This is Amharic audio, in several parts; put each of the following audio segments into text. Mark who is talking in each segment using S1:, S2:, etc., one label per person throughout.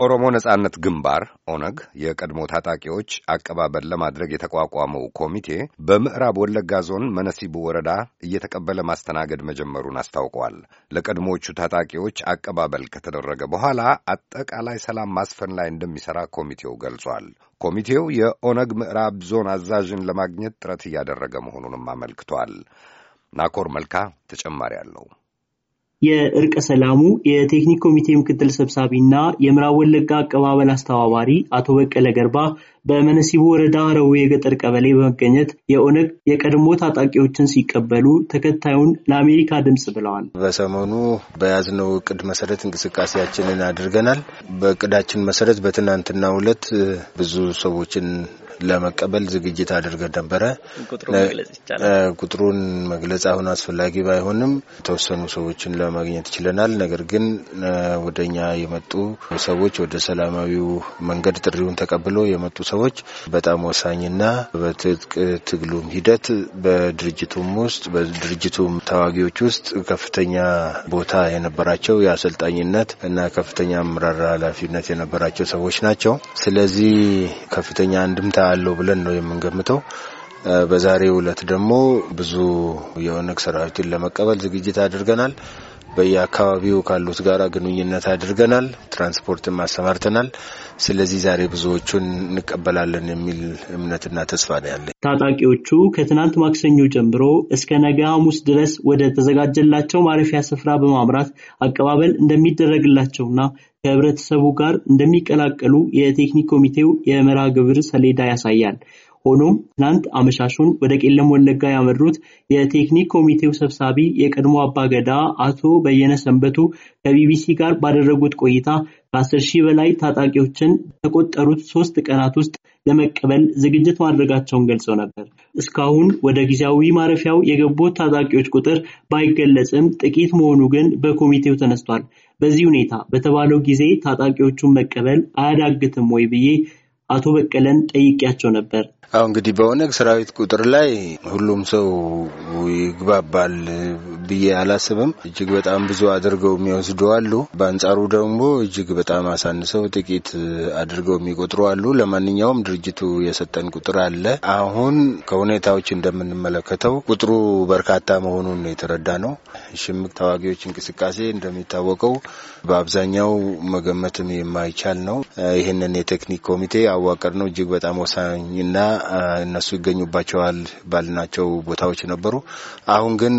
S1: የኦሮሞ ነጻነት ግንባር ኦነግ የቀድሞ ታጣቂዎች አቀባበል ለማድረግ የተቋቋመው ኮሚቴ በምዕራብ ወለጋ ዞን መነሲቡ ወረዳ እየተቀበለ ማስተናገድ መጀመሩን አስታውቀዋል። ለቀድሞዎቹ ታጣቂዎች አቀባበል ከተደረገ በኋላ አጠቃላይ ሰላም ማስፈን ላይ እንደሚሠራ ኮሚቴው ገልጿል። ኮሚቴው የኦነግ ምዕራብ ዞን አዛዥን ለማግኘት ጥረት እያደረገ መሆኑንም አመልክቷል። ናኮር መልካ ተጨማሪ
S2: አለው። የእርቀ ሰላሙ የቴክኒክ ኮሚቴ ምክትል ሰብሳቢ እና የምዕራብ ወለጋ አቀባበል አስተባባሪ አቶ በቀለ ገርባ በመነሲቡ ወረዳ ረዊ የገጠር ቀበሌ በመገኘት የኦነግ የቀድሞ ታጣቂዎችን ሲቀበሉ ተከታዩን ለአሜሪካ ድምፅ ብለዋል።
S1: በሰሞኑ በያዝነው እቅድ መሰረት እንቅስቃሴያችንን አድርገናል። በእቅዳችን መሰረት በትናንትናው ዕለት ብዙ ሰዎችን ለመቀበል ዝግጅት አድርገን ነበረ። ቁጥሩን መግለጽ አሁን አስፈላጊ ባይሆንም የተወሰኑ ሰዎችን ለማግኘት ችለናል። ነገር ግን ወደ እኛ የመጡ ሰዎች ወደ ሰላማዊው መንገድ ጥሪውን ተቀብሎ የመጡ ሰዎች በጣም ወሳኝና በትጥቅ ትግሉም ሂደት በድርጅቱም ውስጥ በድርጅቱም ተዋጊዎች ውስጥ ከፍተኛ ቦታ የነበራቸው የአሰልጣኝነት እና ከፍተኛ አመራር ኃላፊነት የነበራቸው ሰዎች ናቸው። ስለዚህ ከፍተኛ አንድምታ አለው ብለን ነው የምንገምተው። በዛሬው ውለት ደግሞ ብዙ የኦነግ ሰራዊትን ለመቀበል ዝግጅት አድርገናል። በየአካባቢው ካሉት ጋራ ግንኙነት አድርገናል። ትራንስፖርትም አሰማርተናል። ስለዚህ ዛሬ ብዙዎቹን እንቀበላለን የሚል እምነትና ተስፋ
S2: ነው ያለ። ታጣቂዎቹ ከትናንት ማክሰኞ ጀምሮ እስከ ነገ ሐሙስ ድረስ ወደ ተዘጋጀላቸው ማረፊያ ስፍራ በማምራት አቀባበል እንደሚደረግላቸውና ከህብረተሰቡ ጋር እንደሚቀላቀሉ የቴክኒክ ኮሚቴው የመርሃ ግብር ሰሌዳ ያሳያል። ሆኖም ትናንት አመሻሹን ወደ ቄለም ወለጋ ያመሩት የቴክኒክ ኮሚቴው ሰብሳቢ የቀድሞ አባገዳ አቶ በየነ ሰንበቱ ከቢቢሲ ጋር ባደረጉት ቆይታ ከአስር ሺህ በላይ ታጣቂዎችን ተቆጠሩት ሶስት ቀናት ውስጥ ለመቀበል ዝግጅት ማድረጋቸውን ገልጸው ነበር። እስካሁን ወደ ጊዜያዊ ማረፊያው የገቡት ታጣቂዎች ቁጥር ባይገለጽም ጥቂት መሆኑ ግን በኮሚቴው ተነስቷል። በዚህ ሁኔታ በተባለው ጊዜ ታጣቂዎቹን መቀበል አያዳግትም ወይ ብዬ አቶ በቀለን ጠይቄያቸው ነበር።
S1: አሁ እንግዲህ በኦነግ ሰራዊት ቁጥር ላይ ሁሉም ሰው ይግባባል ብዬ አላስብም። እጅግ በጣም ብዙ አድርገው የሚወስዱ አሉ። በአንጻሩ ደግሞ እጅግ በጣም አሳንሰው ጥቂት አድርገው የሚቆጥሩ አሉ። ለማንኛውም ድርጅቱ የሰጠን ቁጥር አለ። አሁን ከሁኔታዎች እንደምንመለከተው ቁጥሩ በርካታ መሆኑን የተረዳ ነው። ሽምቅ ተዋጊዎች እንቅስቃሴ እንደሚታወቀው በአብዛኛው መገመትም የማይቻል ነው። ይህንን የቴክኒክ ኮሚቴ አዋቀር ነው እጅግ በጣም ወሳኝና እነሱ ይገኙባቸዋል ባልናቸው ቦታዎች ነበሩ። አሁን ግን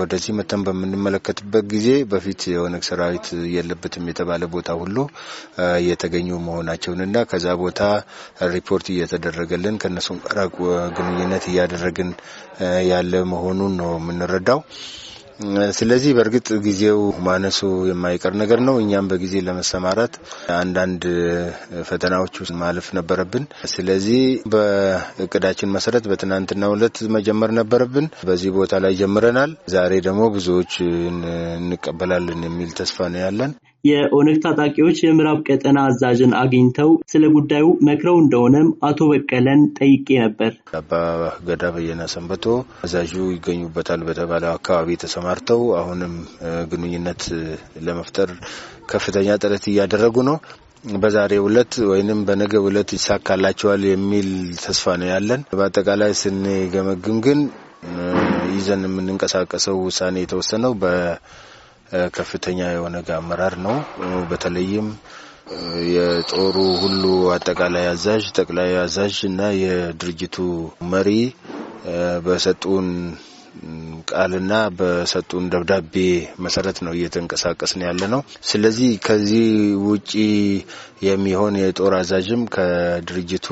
S1: ወደዚህ መተን በምንመለከትበት ጊዜ በፊት የኦነግ ሰራዊት የለበትም የተባለ ቦታ ሁሉ እየተገኙ መሆናቸውንና ከዛ ቦታ ሪፖርት እየተደረገልን ከእነሱም ጋር ግንኙነት እያደረግን ያለ መሆኑን ነው የምንረዳው። ስለዚህ በእርግጥ ጊዜው ማነሱ የማይቀር ነገር ነው። እኛም በጊዜ ለመሰማራት አንዳንድ ፈተናዎች ማለፍ ነበረብን። ስለዚህ በእቅዳችን መሰረት በትናንትናው ዕለት መጀመር ነበረብን። በዚህ ቦታ ላይ ጀምረናል። ዛሬ ደግሞ ብዙዎች እንቀበላለን የሚል ተስፋ ነው ያለን።
S2: የኦነግ ታጣቂዎች የምዕራብ ቀጠና አዛዥን አግኝተው ስለ ጉዳዩ መክረው እንደሆነም አቶ በቀለን ጠይቄ ነበር።
S1: አባ ገዳ በየነ ሰንበቶ አዛዡ ይገኙበታል በተባለው አካባቢ ተሰማርተው አሁንም ግንኙነት ለመፍጠር ከፍተኛ ጥረት እያደረጉ ነው። በዛሬ ዕለት ወይንም በነገ ዕለት ይሳካላቸዋል የሚል ተስፋ ነው ያለን። በአጠቃላይ ስንገመግም ግን ይዘን የምንንቀሳቀሰው ውሳኔ የተወሰነው በ ከፍተኛ የሆነ አመራር ነው። በተለይም የጦሩ ሁሉ አጠቃላይ አዛዥ፣ ጠቅላይ አዛዥ እና የድርጅቱ መሪ በሰጡን ቃልና በሰጡን ደብዳቤ መሰረት ነው እየተንቀሳቀስን ያለ ነው። ስለዚህ ከዚህ ውጪ የሚሆን የጦር አዛዥም ከድርጅቱ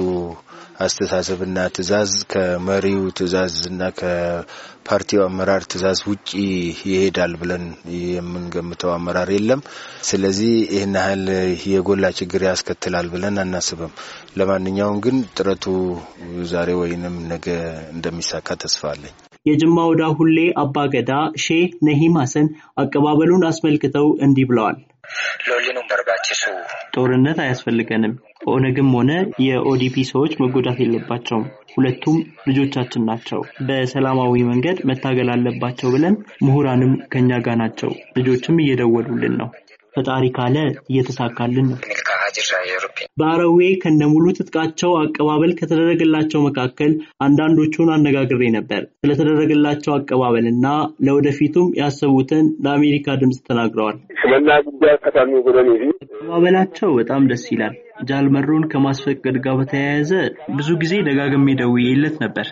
S1: አስተሳሰብና ትዕዛዝ ከመሪው ትዕዛዝና ከፓርቲው አመራር ትዕዛዝ ውጪ ይሄዳል ብለን የምንገምተው አመራር የለም። ስለዚህ ይህን ያህል የጎላ ችግር ያስከትላል ብለን አናስብም። ለማንኛውም ግን ጥረቱ ዛሬ ወይንም ነገ እንደሚሳካ ተስፋ አለኝ።
S2: የጅማ ወዳ ሁሌ አባገዳ ሼህ ነሂም ሀሰን አቀባበሉን አስመልክተው እንዲህ ብለዋል። ጦርነት አያስፈልገንም። ኦነግም ሆነ የኦዲፒ ሰዎች መጎዳት የለባቸውም። ሁለቱም ልጆቻችን ናቸው። በሰላማዊ መንገድ መታገል አለባቸው ብለን ምሁራንም ከኛ ጋር ናቸው። ልጆችም እየደወሉልን ነው። ፈጣሪ ካለ እየተሳካልን ነው። በአረዌ ከነሙሉ ትጥቃቸው አቀባበል ከተደረገላቸው መካከል አንዳንዶቹን አነጋግሬ ነበር። ስለተደረገላቸው አቀባበልና ለወደፊቱም ያሰቡትን ለአሜሪካ ድምፅ ተናግረዋል። አቀባበላቸው በጣም ደስ ይላል። ጃልመሮን ከማስፈቀድ ጋር በተያያዘ ብዙ ጊዜ ደጋግሜ ደውዬለት ነበር፣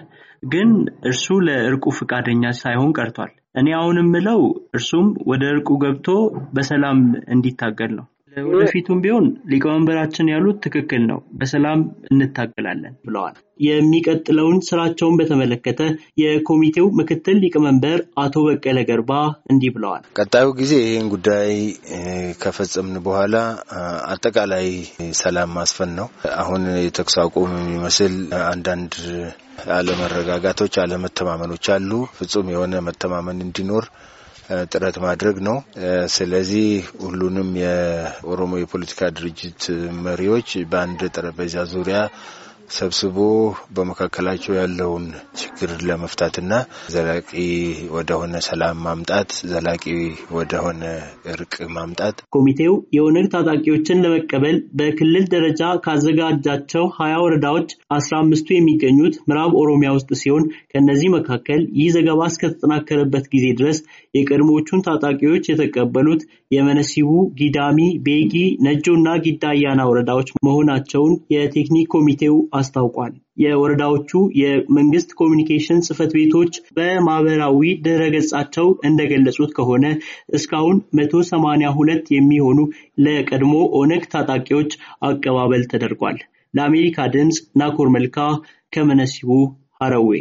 S2: ግን እርሱ ለእርቁ ፈቃደኛ ሳይሆን ቀርቷል። እኔ አሁንም ምለው እርሱም ወደ እርቁ ገብቶ በሰላም እንዲታገል ነው። ወደፊቱም ቢሆን ሊቀመንበራችን ያሉት ትክክል ነው፣ በሰላም እንታገላለን ብለዋል። የሚቀጥለውን ስራቸውን በተመለከተ የኮሚቴው ምክትል ሊቀመንበር አቶ በቀለ ገርባ እንዲህ ብለዋል።
S1: ቀጣዩ ጊዜ ይህን ጉዳይ ከፈጸምን በኋላ አጠቃላይ ሰላም ማስፈን ነው። አሁን የተኩስ አቁም የሚመስል አንዳንድ አለመረጋጋቶች፣ አለመተማመኖች አሉ። ፍጹም የሆነ መተማመን እንዲኖር ጥረት ማድረግ ነው። ስለዚህ ሁሉንም የኦሮሞ የፖለቲካ ድርጅት መሪዎች በአንድ ጠረጴዛ ዙሪያ ሰብስቦ በመካከላቸው ያለውን ችግር ለመፍታትና ዘላቂ ወደሆነ ሰላም ማምጣት፣
S2: ዘላቂ ወደሆነ እርቅ ማምጣት። ኮሚቴው የኦነግ ታጣቂዎችን ለመቀበል በክልል ደረጃ ካዘጋጃቸው ሀያ ወረዳዎች አስራ አምስቱ የሚገኙት ምዕራብ ኦሮሚያ ውስጥ ሲሆን ከእነዚህ መካከል ይህ ዘገባ እስከተጠናከረበት ጊዜ ድረስ የቀድሞቹን ታጣቂዎች የተቀበሉት የመነሲቡ፣ ጊዳሚ፣ ቤጊ፣ ነጆ እና ጊዳ አያና ወረዳዎች መሆናቸውን የቴክኒክ ኮሚቴው አስታውቋል። የወረዳዎቹ የመንግስት ኮሚኒኬሽን ጽህፈት ቤቶች በማህበራዊ ድረገጻቸው እንደገለጹት ከሆነ እስካሁን 182 የሚሆኑ ለቀድሞ ኦነግ ታጣቂዎች አቀባበል ተደርጓል። ለአሜሪካ ድምፅ ናኮር መልካ ከመነሲቡ ሀረዌ